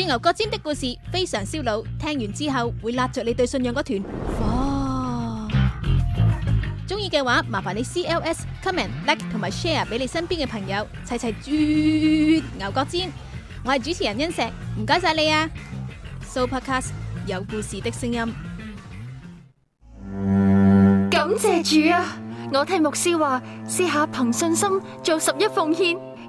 《鑽牛角尖》的故事非常燒腦，聽完之後會撻著你對信仰嗰團火。中意嘅話，麻煩你 C L S comment like 同埋 share 俾你身邊嘅朋友，齊齊鑽牛角尖。我係主持人恩石，唔該晒你啊！Sooopodcast 有故事的聲音，感謝主啊！我聽牧師話，試下憑信心做十一奉獻。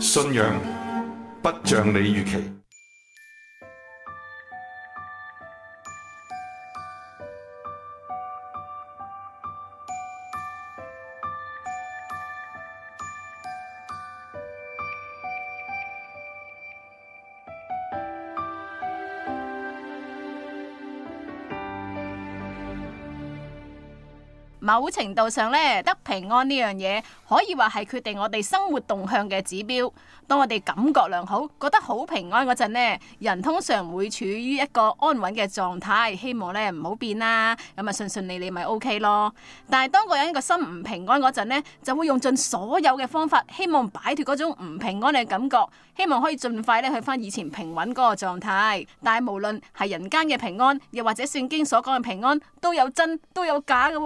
信仰不像你預期。某程度上咧，得平安呢樣嘢可以話係決定我哋生活動向嘅指標。當我哋感覺良好，覺得好平安嗰陣呢，人通常會處於一個安穩嘅狀態，希望咧唔好變啦，咁啊順順利利咪 OK 咯。但係當個人個心唔平安嗰陣呢，就會用盡所有嘅方法，希望擺脫嗰種唔平安嘅感覺，希望可以盡快咧去翻以前平穩嗰個狀態。但係無論係人間嘅平安，又或者聖經所講嘅平安，都有真都有假嘅。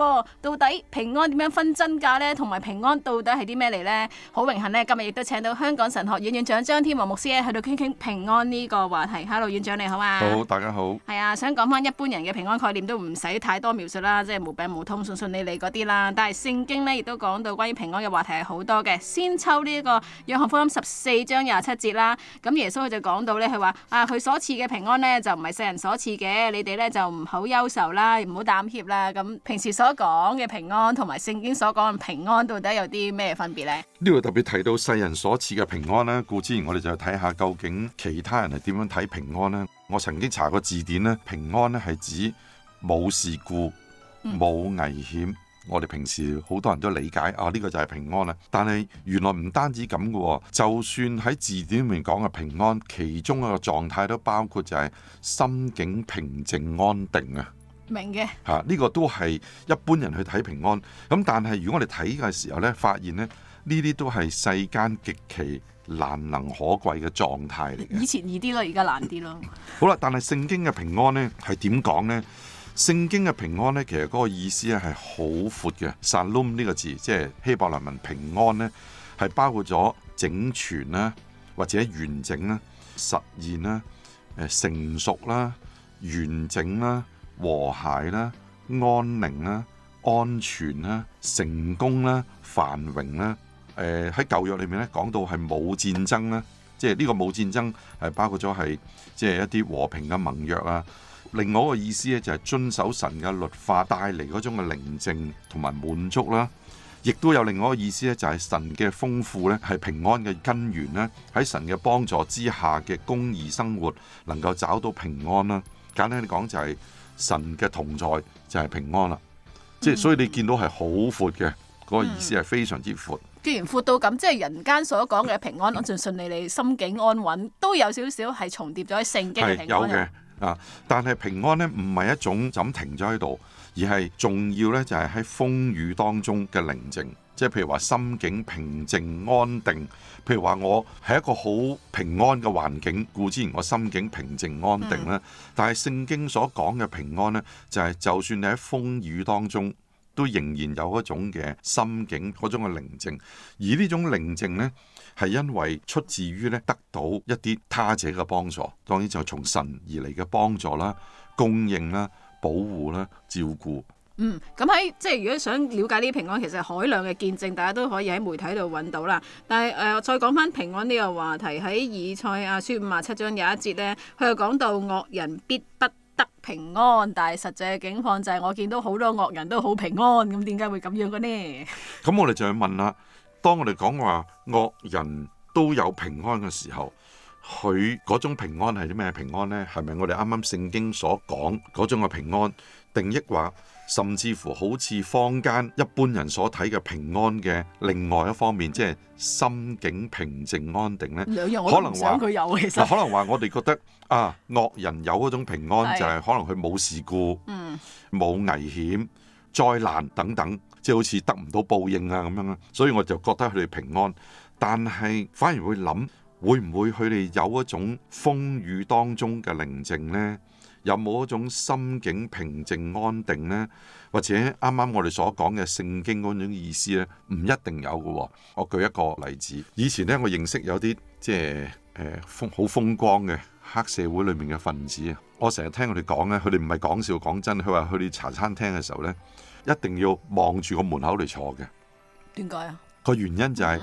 到底平安點樣分真假呢？同埋平安到底係啲咩嚟呢？好榮幸呢，今日亦都請到香港神學院院長張天和牧師咧，去到傾傾平安呢個話題。Hello，院長你好啊！好，大家好。係啊，想講翻一般人嘅平安概念，都唔使太多描述啦，即係無病無痛，順順利利嗰啲啦。但係聖經呢，亦都講到關於平安嘅話題係好多嘅。先抽呢一個約翰福音十四章廿七節啦。咁耶穌佢就講到呢，佢話啊，佢所賜嘅平安呢，就唔係世人所賜嘅，你哋呢就唔好憂愁啦，唔好膽怯啦。咁平時所講嘅平安同埋聖經所講嘅平安到底有啲咩分別呢？呢度特別提到世人所賜嘅平安呢。故此我哋就睇下究竟其他人係點樣睇平安呢？我曾經查過字典呢，平安咧係指冇事故、冇危險、嗯。我哋平時好多人都理解啊，呢、這個就係平安啦。但係原來唔單止咁噶，就算喺字典裏面講嘅平安，其中一個狀態都包括就係心境平靜安定啊。明嘅，嚇，呢個都係一般人去睇平安咁，但係如果我哋睇嘅時候咧，發現咧呢啲都係世間極其難能可貴嘅狀態嚟嘅。以前易啲咯，而家難啲咯。好啦，但係聖經嘅平安咧係點講咧？聖經嘅平安咧，其實嗰個意思咧係好闊嘅。shalom 呢個字，即係希伯來文平安咧，係包括咗整全啦，或者完整啦、實現啦、誒成熟啦、完整啦。和諧啦、啊、安寧啦、啊、安全啦、啊、成功啦、啊、繁榮啦、啊。誒、呃，喺舊約裏面咧，講到係冇戰爭啦、啊，即係呢個冇戰爭係、啊、包括咗係即係一啲和平嘅盟約啊。另外一個意思咧、啊，就係、是、遵守神嘅律法帶、啊，帶嚟嗰種嘅寧靜同埋滿足啦。亦都有另外一個意思咧、啊，就係、是、神嘅豐富咧，係平安嘅根源啦、啊。喺神嘅幫助之下嘅公義生活，能夠找到平安啦、啊。簡單嚟講就係、是。神嘅同在就係平安啦，即係所以你見到係好闊嘅，嗰個意思係非常之闊。既然闊到咁，即係人間所講嘅平安，安安順順利利，心境安穩，都有少少係重疊咗喺聖經嘅平安。係有嘅啊，但係平安咧唔係一種就咁停咗喺度，而係重要咧就係喺風雨當中嘅寧靜。即係譬如話心境平靜安定，譬如話我係一個好平安嘅環境，故之然我心境平靜安定啦。但係聖經所講嘅平安呢，就係、是、就算你喺風雨當中，都仍然有一種嘅心境，嗰種嘅寧靜。而呢種寧靜呢，係因為出自於呢得到一啲他者嘅幫助，當然就從神而嚟嘅幫助啦、供應啦、保護啦、照顧。嗯，咁喺即係如果想了解呢啲平安，其實海量嘅見證，大家都可以喺媒體度揾到啦。但係誒、呃，再講翻平安呢個話題，喺以賽亞書五十七章有一節呢，佢又講到惡人必不得平安，但係實際嘅境況就係我見到好多惡人都好平安，咁點解會咁樣嘅呢？咁我哋就去問啦。當我哋講話惡人都有平安嘅時候，佢嗰種平安係啲咩平安呢？係咪我哋啱啱聖經所講嗰種嘅平安定義話？甚至乎好似坊間一般人所睇嘅平安嘅另外一方面，即係心境平靜安定呢。可能話我哋覺得啊，惡人有嗰種平安就係可能佢冇事故、冇、嗯、危險、災難等等，即係好似得唔到報應啊咁樣。所以我就覺得佢哋平安，但係反而會諗會唔會佢哋有一種風雨當中嘅寧靜呢？有冇一種心境平靜安定呢？或者啱啱我哋所講嘅聖經嗰種意思呢？唔一定有嘅。我舉一個例子，以前呢，我認識有啲即係誒風好風光嘅黑社會裏面嘅分子啊。我成日聽佢哋講呢，佢哋唔係講笑，講真，佢話去茶餐廳嘅時候呢，一定要望住個門口嚟坐嘅。點解啊？個原因就係。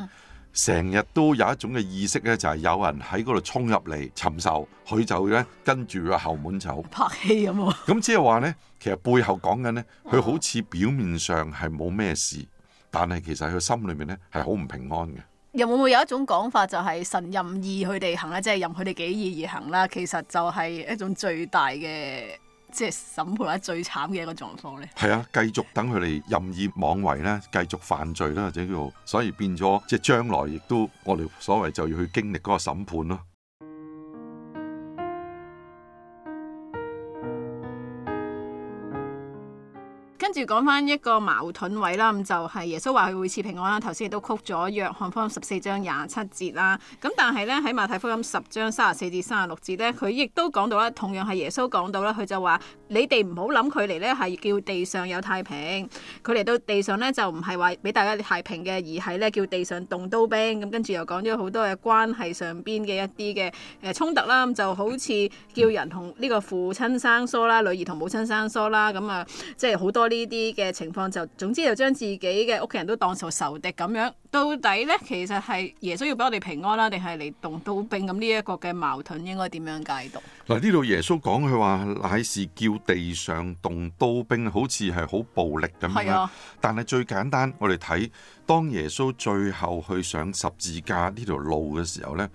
成日都有一種嘅意識咧，就係有人喺嗰度衝入嚟尋仇，佢就咧跟住個後門走拍戲咁。咁即係話咧，其實背後講緊咧，佢好似表面上係冇咩事，但係其實佢心裏面咧係好唔平安嘅。有冇會有一種講法就係神任意佢哋行咧，即係任佢哋己意而行啦？其實就係一種最大嘅。即係審判下最慘嘅一個狀況咧，係啊，繼續等佢哋任意妄為咧，繼續犯罪啦，或者叫做，所以變咗即係將來亦都我哋所謂就要去經歷嗰個審判咯。跟住講翻一個矛盾位啦，咁就係耶穌話佢會賜平安啦。頭先亦都曲咗約翰福音十四章廿七節啦。咁但係咧，喺馬太福音十章三十四至三十六節咧，佢亦都講到啦。同樣係耶穌講到啦，佢就話。你哋唔好諗佢嚟咧，係叫地上有太平。佢嚟到地上咧，就唔係話俾大家太平嘅，而係咧叫地上動刀兵。咁跟住又講咗好多嘅關係上邊嘅一啲嘅誒衝突啦。咁就好似叫人同呢個父親生疏啦，女兒同母親生疏啦。咁啊，即係好多呢啲嘅情況，就總之就將自己嘅屋企人都當做仇敵咁樣。到底咧，其實係耶穌要俾我哋平安啦，定係嚟動刀兵？咁呢一個嘅矛盾應該點樣解讀？嗱，呢度耶穌講佢話乃是叫。地上動刀兵，好似係好暴力咁樣。是的，但係最簡單，我哋睇當耶穌最後去上十字架呢條路嘅時候呢，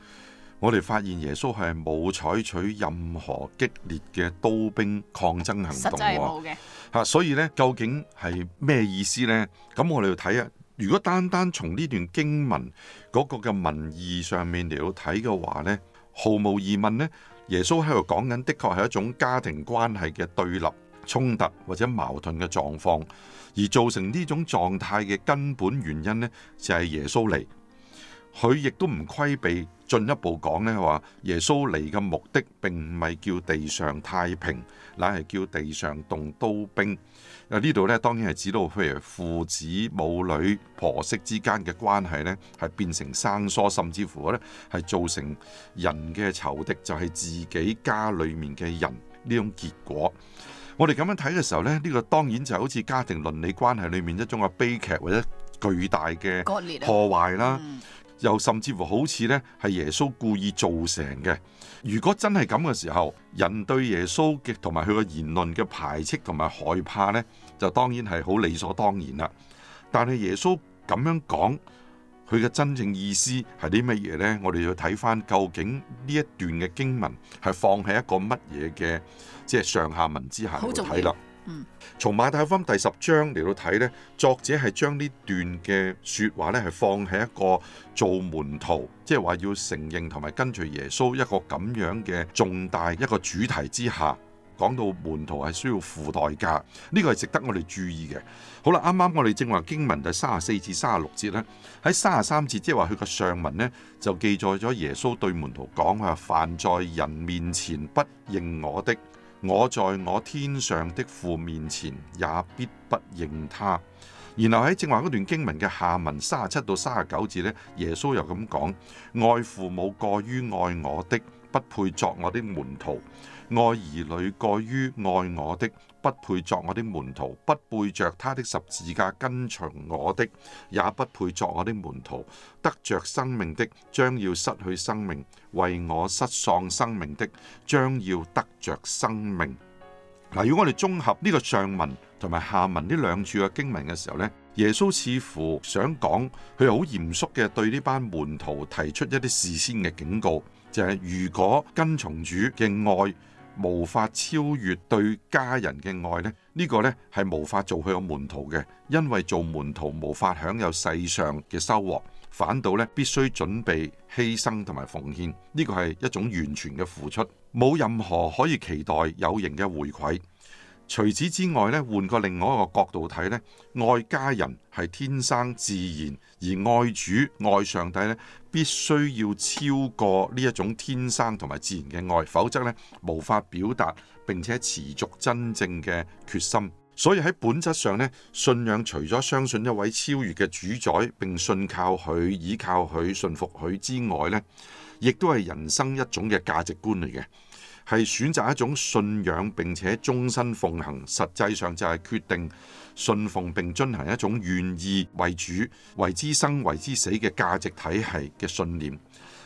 我哋發現耶穌係冇採取任何激烈嘅刀兵抗爭行動。實際冇嘅。吓，所以呢，究竟係咩意思呢？咁我哋要睇啊。如果單單從呢段經文嗰個嘅文義上面嚟到睇嘅話呢，毫無疑問呢。耶穌喺度講緊，的確係一種家庭關係嘅對立、衝突或者矛盾嘅狀況，而造成呢種狀態嘅根本原因呢，就係耶穌嚟。佢亦都唔規避進一步講呢，話，耶穌嚟嘅目的並唔係叫地上太平，乃係叫地上動刀兵。啊，呢度咧當然係指到譬如父子母女、婆媳之間嘅關係呢係變成生疏，甚至乎咧係造成人嘅仇敵，就係、是、自己家裡面嘅人呢種結果。我哋咁樣睇嘅時候，呢呢、呢個當然就好似家庭倫理關係裏面一種嘅悲劇或者巨大嘅破裂破壞啦。又甚至乎好似呢係耶穌故意造成嘅。如果真係咁嘅時候，人對耶穌嘅同埋佢個言論嘅排斥同埋害怕呢，就當然係好理所當然啦。但係耶穌咁樣講，佢嘅真正意思係啲乜嘢呢？我哋要睇翻，究竟呢一段嘅經文係放喺一個乜嘢嘅即係上下文之下嚟睇啦。從馬太福音第十章嚟到睇咧，作者係將呢段嘅說話咧係放喺一個做門徒，即係話要承認同埋跟隨耶穌一個咁樣嘅重大一個主題之下，講到門徒係需要付代價，呢、呢個係值得我哋注意嘅。好啦，啱啱我哋正話經文第三十四至三十六節咧，喺三十三節即係話佢嘅上文呢，就記載咗耶穌對門徒講：佢話凡在人面前不認我的。我在我天上的父面前也必不認他。然後喺正話嗰段經文嘅下文三十七到三十九節呢，耶穌又咁講，愛父母過於愛我的。不配作我的門徒，愛兒女過於愛我的，不配作我的門徒；不背着他的十字架跟隨我的，也不配作我的門徒。得着生命的，將要失去生命；為我失喪生命的，將要得着生命。嗱，如果我哋綜合呢個上文同埋下文呢兩處嘅經文嘅時候呢，耶穌似乎想講，佢又好嚴肅嘅對呢班門徒提出一啲事先嘅警告。就係如果跟從主嘅愛無法超越對家人嘅愛咧，呢個咧係無法做佢嘅門徒嘅，因為做門徒無法享有世上嘅收穫，反倒咧必須準備犧牲同埋奉獻，呢個係一種完全嘅付出，冇任何可以期待有形嘅回饋。除此之外咧，換個另外一個角度睇咧，愛家人係天生自然，而愛主、愛上帝咧，必須要超過呢一種天生同埋自然嘅愛，否則咧，無法表達並且持續真正嘅決心。所以喺本質上咧，信仰除咗相信一位超越嘅主宰，並信靠佢、依靠佢、信服佢之外咧，亦都係人生一種嘅價值觀嚟嘅。係選擇一種信仰，並且終身奉行，實際上就係決定信奉並進行一種願意為主、為之生、為之死嘅價值體系嘅信念。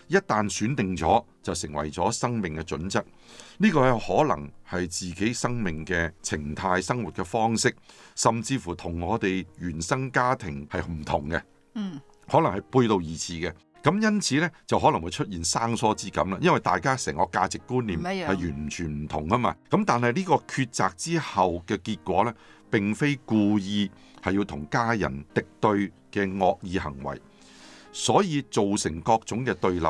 一旦選定咗，就成為咗生命嘅準則。呢個係可能係自己生命嘅情態、生活嘅方式，甚至乎同我哋原生家庭係唔同嘅。可能係背道而馳嘅。咁因此咧，就可能會出現生疏之感啦，因為大家成個價值觀念係完全唔同啊嘛。咁但係呢個抉擇之後嘅結果咧，並非故意係要同家人敵對嘅惡意行為，所以造成各種嘅對立、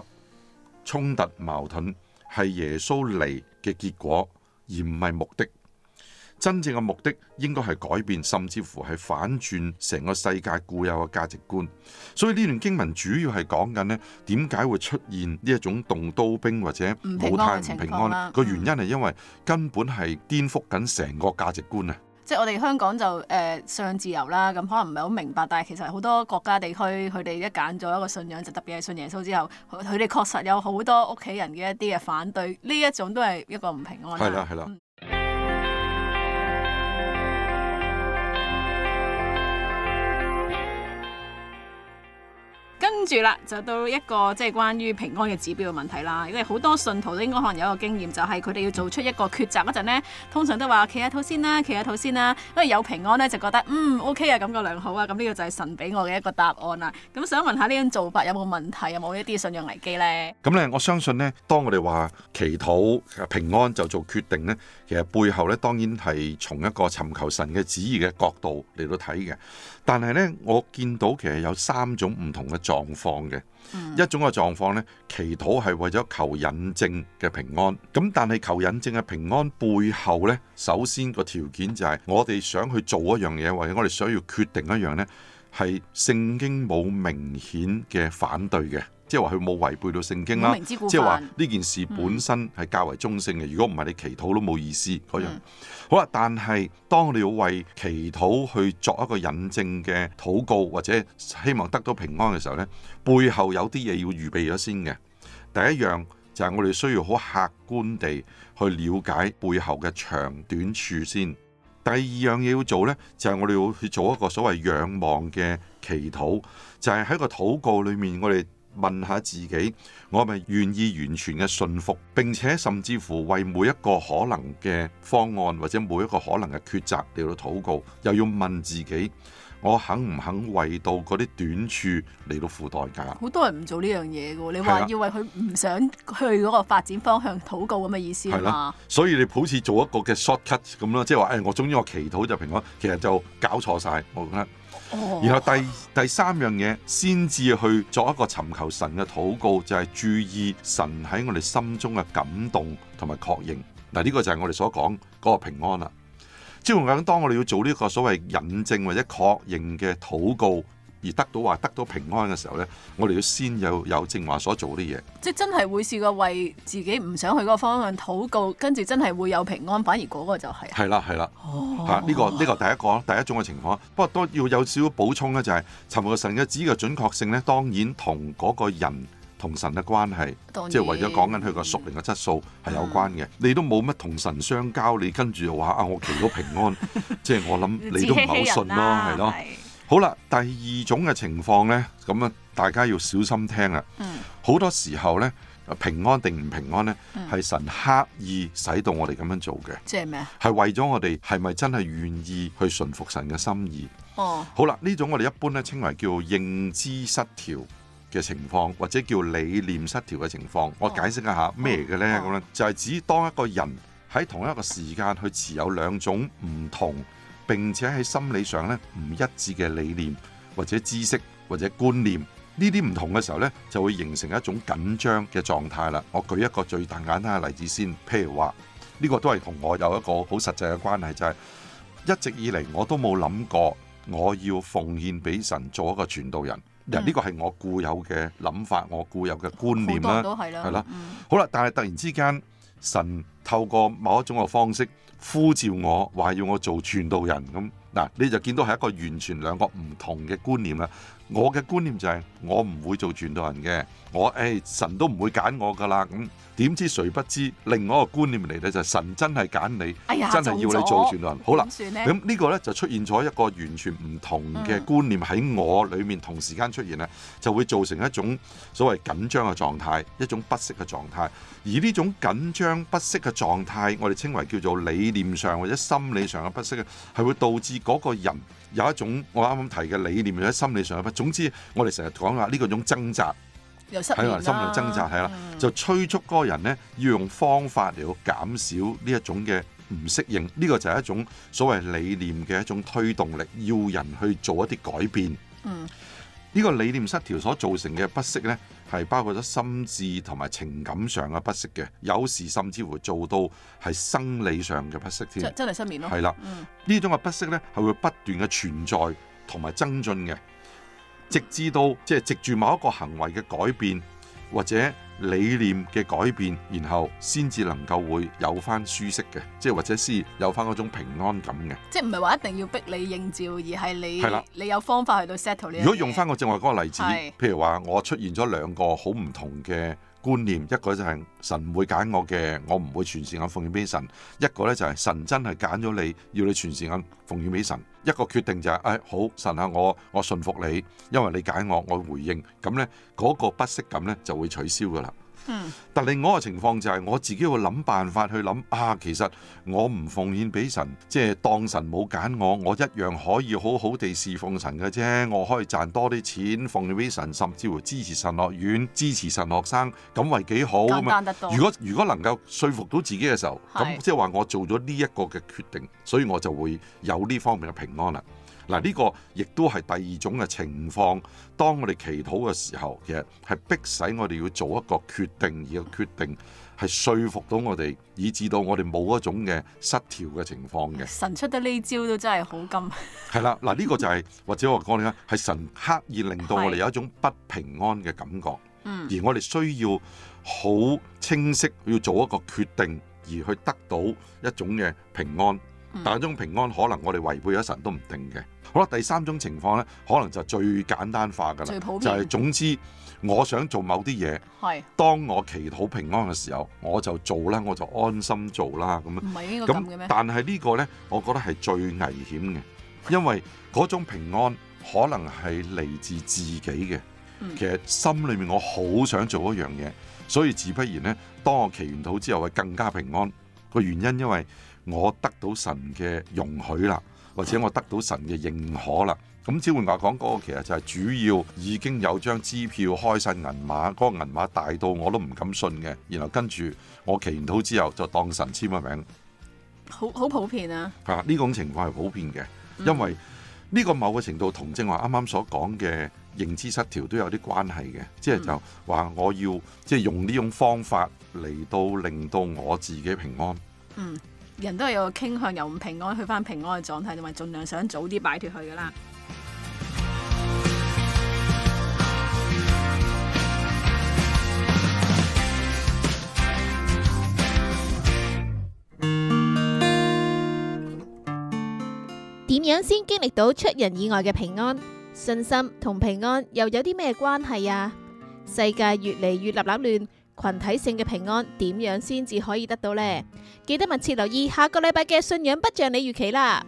衝突、矛盾，係耶穌嚟嘅結果，而唔係目的。真正嘅目的應該係改變，甚至乎係反轉成個世界固有嘅價值觀。所以呢段經文主要係講緊呢，點解會出現呢一種動刀兵或者唔平安情況。個原因係因為根本係顛覆緊成個價值觀啊！即係我哋香港就誒尚，呃，自由啦，咁可能唔係好明白，但係其實好多國家地區佢哋一揀咗一個信仰，就特別係信耶穌之後，佢哋確實有好多屋企人嘅一啲嘅反對，呢一種都係一個唔平安。係啦，係啦。跟住啦，就到一個即係、就是、關於平安嘅指標嘅問題啦。因為好多信徒都應該可能有一個經驗，就係佢哋要做出一個抉擇嗰陣呢，通常都話祈禱先啦，企祈禱先啦。因為有平安咧，就覺得嗯 O K 啊，okay，感覺良好啊，咁、這、呢個就係神俾我嘅一個答案啦。咁想問下呢種做法有冇問題，有冇一啲信仰危機呢？咁咧，我相信呢，當我哋話祈禱平安就做決定呢，其實背後咧，當然係從一個尋求神嘅旨意嘅角度嚟到睇嘅。但係呢，我見到其實有三種唔同嘅狀態。況、嗯、嘅一種嘅狀況呢，祈禱係為咗求引證嘅平安。咁但係求引證嘅平安背後呢，首先個條件就係我哋想去做一樣嘢，或者我哋想要決定一樣呢，係聖經冇明顯嘅反對嘅。即係話佢冇違背到聖經啦，即係話呢件事本身係較為中性嘅。如果唔係你祈禱都冇意思嗰樣。嗯、好啦，但係當你要為祈禱去作一個引證嘅禱告，或者希望得到平安嘅時候呢，背後有啲嘢要預備咗先嘅。第一樣就係我哋需要好客觀地去了解背後嘅長短處先。第二樣嘢要做呢，就係、是、我哋要去做一個所謂仰望嘅祈禱，就係、是、喺個禱告裏面我哋。問下自己，我係咪願意完全嘅信服，並且甚至乎為每一個可能嘅方案或者每一個可能嘅抉擇嚟到禱告，又要問自己，我肯唔肯為到嗰啲短處嚟到付代價？好多人唔做呢樣嘢嘅喎，你話要為佢唔想去嗰個發展方向禱告咁嘅意思係啦？所以你好似做一個嘅 short cut 咁咯，即係話，誒、哎，我終於我祈禱就平安，其實就搞錯晒。我覺得。然後第第三樣嘢，先至去作一個尋求神嘅禱告，就係注意神喺我哋心中嘅感動同埋確認。嗱，呢個就係我哋所講嗰個平安啦。即係我講，當我哋要做呢個所謂引證或者確認嘅禱告。而得到話得到平安嘅時候呢，我哋要先有有正話所做啲嘢，即係真係會試過為自己唔想去嗰個方向禱告，跟住真係會有平安，反而嗰個就係係啦，係啦，呢、哦啊呢個呢、呢個第一個第一種嘅情況。不過都要有少少補充呢，就係尋求神嘅旨意嘅準確性呢，當然同嗰個人同神嘅關係，即係、就係、為咗講緊佢個屬靈嘅質素係有關嘅、嗯。你都冇乜同神相交，你跟住話啊，我求到平安， 即係我諗你都唔係好信咯，係咯、啊。好啦，第二種嘅情況呢，咁啊，大家要小心聽啊。好、嗯、多時候呢，平安定唔平安呢，係、嗯、神刻意使到我哋咁樣做嘅。即係咩？係為咗我哋係咪真係願意去順服神嘅心意？哦。好啦，呢種我哋一般咧稱為叫認知失調嘅情況，或者叫理念失調嘅情況。我解釋一下咩嘅呢？咁、哦、咧、哦、就係、是、指當一個人喺同一個時間去持有兩種唔同，並且喺心理上咧唔一致嘅理念、或者知識、或者觀念，呢啲唔同嘅時候呢，就會形成一種緊張嘅狀態啦。我舉一個最大簡單嘅例子先，譬如話呢、這個都係同我有一個好實際嘅關係，就係、是、一直以嚟我都冇諗過我要奉獻俾神做一個傳道人，嗱呢個係我固有嘅諗法，我固有嘅觀念啦，係啦、嗯，好啦，但係突然之間神。透過某一種嘅方式呼召我，話要我做傳道人咁，嗱，你就見到係一個完全兩個唔同嘅觀念啦。我嘅觀念就係、是、我唔會做傳道人嘅，我誒、哎、神都唔會揀我噶啦。咁點知誰不知，另外一個觀念嚟咧就係神真係揀你，哎、真係要你做傳道人、哎了。好啦，咁呢、這個咧就出現咗一個完全唔同嘅觀念喺我裏面同時間出現咧、嗯、就會造成一種所謂緊張嘅狀態，一種不適嘅狀態，而呢種緊張不適嘅狀態，我哋稱為叫做理念上或者心理上嘅不適嘅，係會導致嗰個人有一種我啱啱提嘅理念，或者心理上嘅不適。總之我，我哋成日講話，呢個種掙扎喺人心內掙扎係啦，就催促嗰個人呢要用方法嚟到減少呢一種嘅唔適應。呢、這個就係一種所謂理念嘅一種推動力，要人去做一啲改變。嗯。呢、這個理念失調所造成嘅不適呢，係包括咗心智同埋情感上嘅不適嘅，有時甚至乎做到係生理上嘅不適添，真係失眠咯。係啦，呢、嗯、種嘅不適呢，係會不斷嘅存在同埋增進嘅，直至到即係、就是、藉住某一個行為嘅改變或者。理念嘅改變，然後先至能夠會有翻舒適嘅，即係或者係有翻嗰種平安感嘅。即係唔係話一定要逼你應照，而係你係啦，你有方法去到 settle。如果用翻個正話嗰個例子，譬如話我出現咗兩個好唔同嘅。觀念，一個就係神唔會揀我嘅，我唔會全時間奉獻俾神。一個咧就係神真係揀咗你，要你全時間奉獻俾神。一個決定就係、是、誒、哎、好，神啊，我我信服你，因為你揀我，我回應咁咧，嗰、那個不適感咧就會取消噶啦。嗯，但另外一個情況就係我自己會諗辦法去諗啊，其實我唔奉獻俾神，即係當神冇揀我，我一樣可以好好地侍奉神嘅啫。我可以賺多啲錢奉獻俾神，甚至乎支持神學院、支持神學生，咁係幾好。如果如果能夠說服到自己嘅時候，咁即係話我做咗呢一個嘅決定，所以我就會有呢方面嘅平安啦。嗱，呢個亦都係第二種嘅情況。當我哋祈禱嘅時候，其實係逼使我哋要做一個決定，而個決定係說服到我哋，以致到我哋冇一種嘅失調嘅情況嘅。神出得呢招都真係好金。係 啦，嗱、這、呢個就係、是、或者我講你吖，係神刻意令到我哋有一種不平安嘅感覺，而我哋需要好清晰要做一個決定，而去得到一種嘅平安。但係種平安可能我哋違背咗神都唔定嘅。好啦，第三種情況咧，可能就最簡單化噶啦，就係、係、總之，我想做某啲嘢。係。當我祈禱平安嘅時候，我就做啦，我就安心做啦，咁樣。唔係呢個咁嘅咩？咁但係呢個咧，我覺得係最危險嘅，因為嗰種平安可能係嚟自自己嘅。嗯。其實心裏面我好想做一樣嘢，所以自不然咧，當我祈完禱之後，會更加平安。個原因因為我得到神嘅容許啦。或者我得到神嘅認可啦，咁只換話講，嗰個其實就係主要已經有張支票開晒銀碼，嗰個銀碼大到我都唔敢信嘅，然後跟住我祈完禱之後就當神簽個名，好好普遍啊！係呢種情況係普遍嘅，因為呢個某個程度同正話啱啱所講嘅認知失調都有啲關係嘅，即係就話我要，即係用呢種方法嚟到令到我自己平安。嗯。人都係有個傾向，由唔平安，去翻平安嘅狀態，同埋盡量想早啲擺脱佢噶啦。點樣先經歷到出人意外嘅平安？信心同平安又有啲咩關係啊？世界越嚟越立立亂。群體性嘅平安點樣先至可以得到呢？記得密切留意下個禮拜嘅信仰不像你預期啦。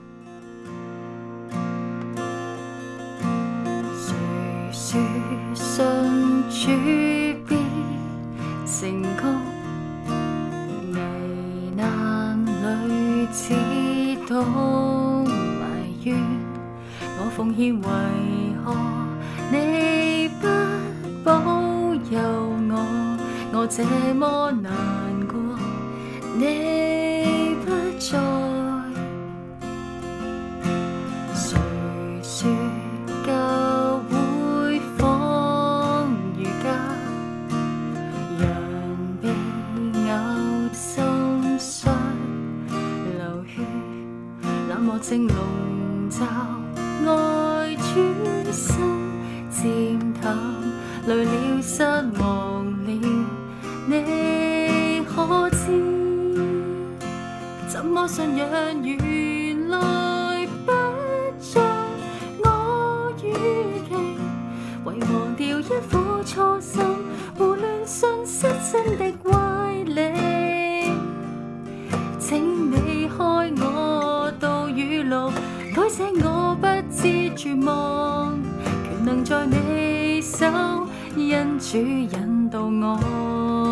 我這麼難過，你不在。改寫我不知絕望，權能在你手，因主引導我。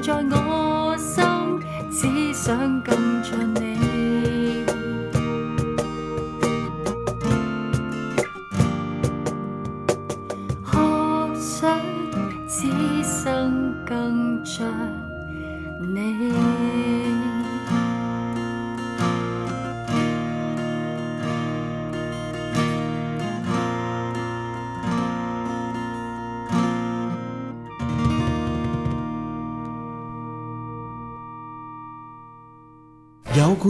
常在我心， 只想更